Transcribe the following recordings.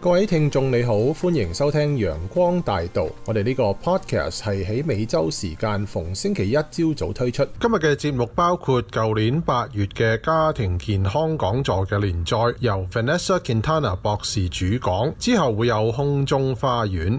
各位聽眾你好，歡迎收聽陽光大道。我哋呢個 podcast 係喺美洲時間逢星期一朝早推出。今日嘅節目包括舊年八月嘅家庭健康講座嘅連載，由 Vanessa Quintana 博士主講。之後會有空中花園。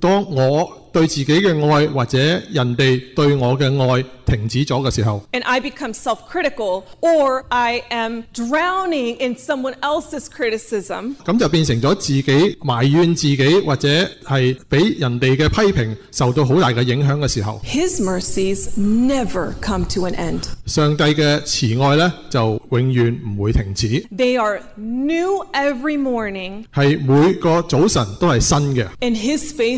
當我對自己嘅愛或者人哋對我嘅愛停止咗嘅時候，And I become self-critical or I am drowning in someone else's criticism. 咁就變成咗自己埋怨自己，或者係俾人哋嘅批評受到好大嘅影響嘅時候。His mercies never come to an end. 上帝嘅慈愛呢就永遠唔會停止，They are new every morning. 係每個早晨都係新嘅。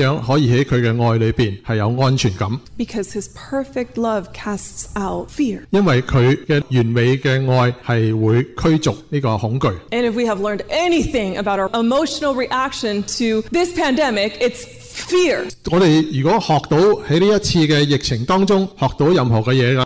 樣可以喺佢嘅愛裏邊係有安全感，because his perfect love casts out fear. 因為佢嘅完美嘅愛係會驅逐呢個恐懼。And if we have learned anything about our emotional reaction to this pandemic, it's fear. 我哋如果學到喺呢一次嘅疫情當中學到任何嘅嘢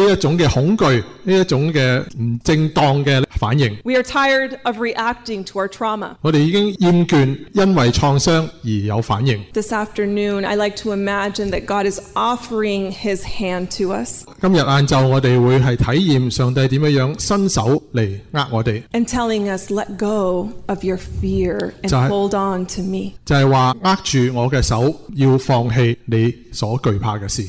呢一種嘅恐懼，呢一種嘅唔正當嘅反應。我哋已經厭倦因為創傷而有反應。今日晏晝我哋會係體驗上帝點樣樣伸手嚟握我哋。就係話握住我嘅手，要放棄你所懼怕嘅事。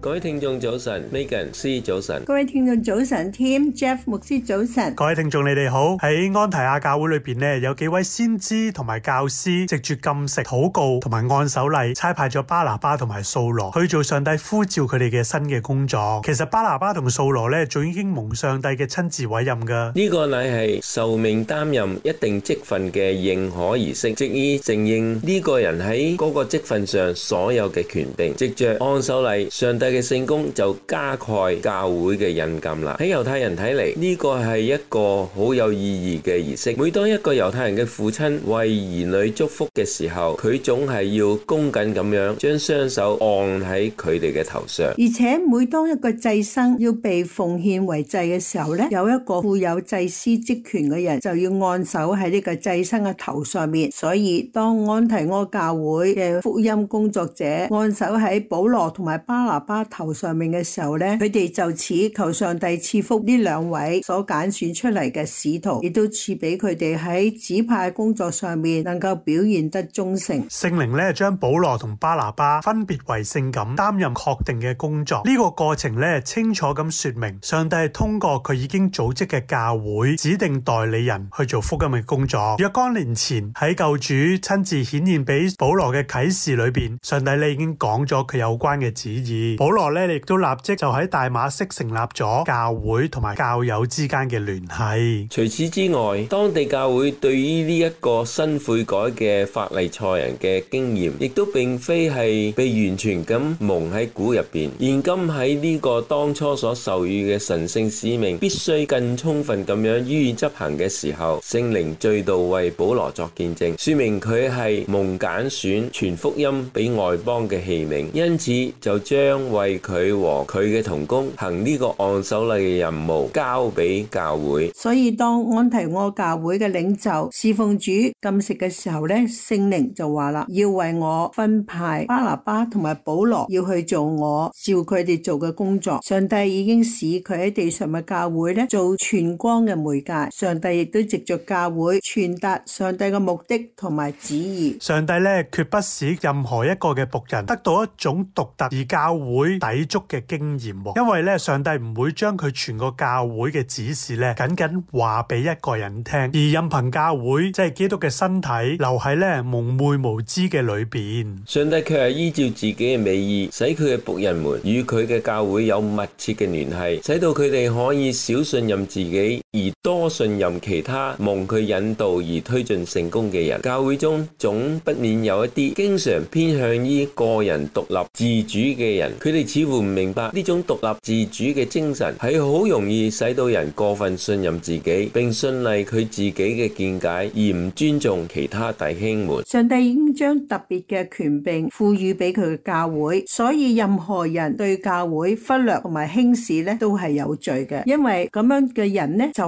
各位聽眾早晨，Megan C 早晨，各位聽眾早晨，Tim Jeff 牧師早晨，各位聽眾你哋好。喺安提阿教會裏邊咧，有幾位先知同埋教師，藉住禁食、禱告同埋按手禮，差派咗巴拿巴同埋掃羅去做上帝呼召佢哋嘅新嘅工作。其實巴拿巴同掃羅咧，早已經蒙上帝嘅親自委任噶。呢個禮係受命擔任一定職份嘅認可儀式，藉以承認呢個人喺嗰個職份上所有嘅權柄，藉住按手禮，上帝嘅。聖工就加蓋教會嘅印鑑啦。喺猶太人睇嚟，呢個係一個好有意義嘅儀式。每當一個猶太人嘅父親為兒女祝福嘅時候，佢總係要恭謹咁樣，將雙手按喺佢哋嘅頭上。而且每當一個祭牲要被奉獻為祭嘅時候咧，有一個富有祭司職權嘅人就要按手喺呢個祭牲嘅頭上面。所以當安提阿教會嘅福音工作者按手喺保羅同埋巴拿巴，頭上面嘅時候咧，佢哋就似求上帝賜福呢兩位所揀選出嚟嘅使徒，亦都賜俾佢哋喺指派工作上面能夠表現得忠誠。聖靈咧將保羅同巴拿巴分別為聖咁擔任確定嘅工作。呢個過程咧清楚咁說明，上帝係通過佢已經組織嘅教會指定代理人去做福音嘅工作。若干年前喺救主親自顯現俾保羅嘅啟示裏邊，上帝咧已經講咗佢有關嘅旨意。保羅咧，亦都立即就喺大馬色成立咗教會同埋教友之間嘅聯繫。除此之外，當地教會對於呢一個新悔改嘅法利賽人嘅經驗，亦都並非係被完全咁蒙喺鼓入邊。現今喺呢個當初所授予嘅神聖使命，必須更充分咁樣予以執行嘅時候，聖靈再度為保羅作見證，說明佢係蒙揀選傳福音俾外邦嘅器皿，因此就將。為佢和佢嘅同工行呢個按手禮嘅任務，交俾教會。所以當安提阿教會嘅領袖侍奉主禁食嘅時候咧，聖靈就話啦，要為我分派巴拿巴同埋保羅，要去做我照佢哋做嘅工作。上帝已經使佢喺地上嘅教會咧做傳光嘅媒介，上帝亦都藉著教會傳達上帝嘅目的同埋旨意。上帝咧絕不使任何一個嘅僕人得到一種獨特而教會。抵觸嘅經驗，因為咧上帝唔會將佢全個教會嘅指示咧，僅僅話俾一個人聽，而任憑教會即係、就是、基督嘅身體留喺咧蒙昧無知嘅裏邊。上帝卻係依照自己嘅美意，使佢嘅僕人們與佢嘅教會有密切嘅聯繫，使到佢哋可以少信任自己。而多信任其他蒙佢引導而推進成功嘅人，教會中總不免有一啲經常偏向於個人獨立自主嘅人，佢哋似乎唔明白呢種獨立自主嘅精神係好容易使到人過分信任自己，並信賴佢自己嘅見解，而唔尊重其他弟兄們。上帝已經將特別嘅權柄賦予俾佢教會，所以任何人對教會忽略同埋輕視咧都係有罪嘅，因為咁樣嘅人咧就。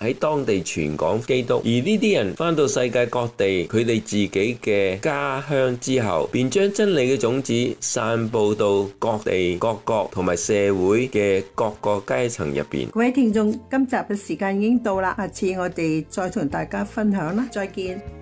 喺當地傳講基督，而呢啲人翻到世界各地，佢哋自己嘅家鄉之後，便將真理嘅種子散布到各地各國同埋社會嘅各個階層入邊。各位聽眾，今集嘅時間已經到啦，下次我哋再同大家分享啦，再見。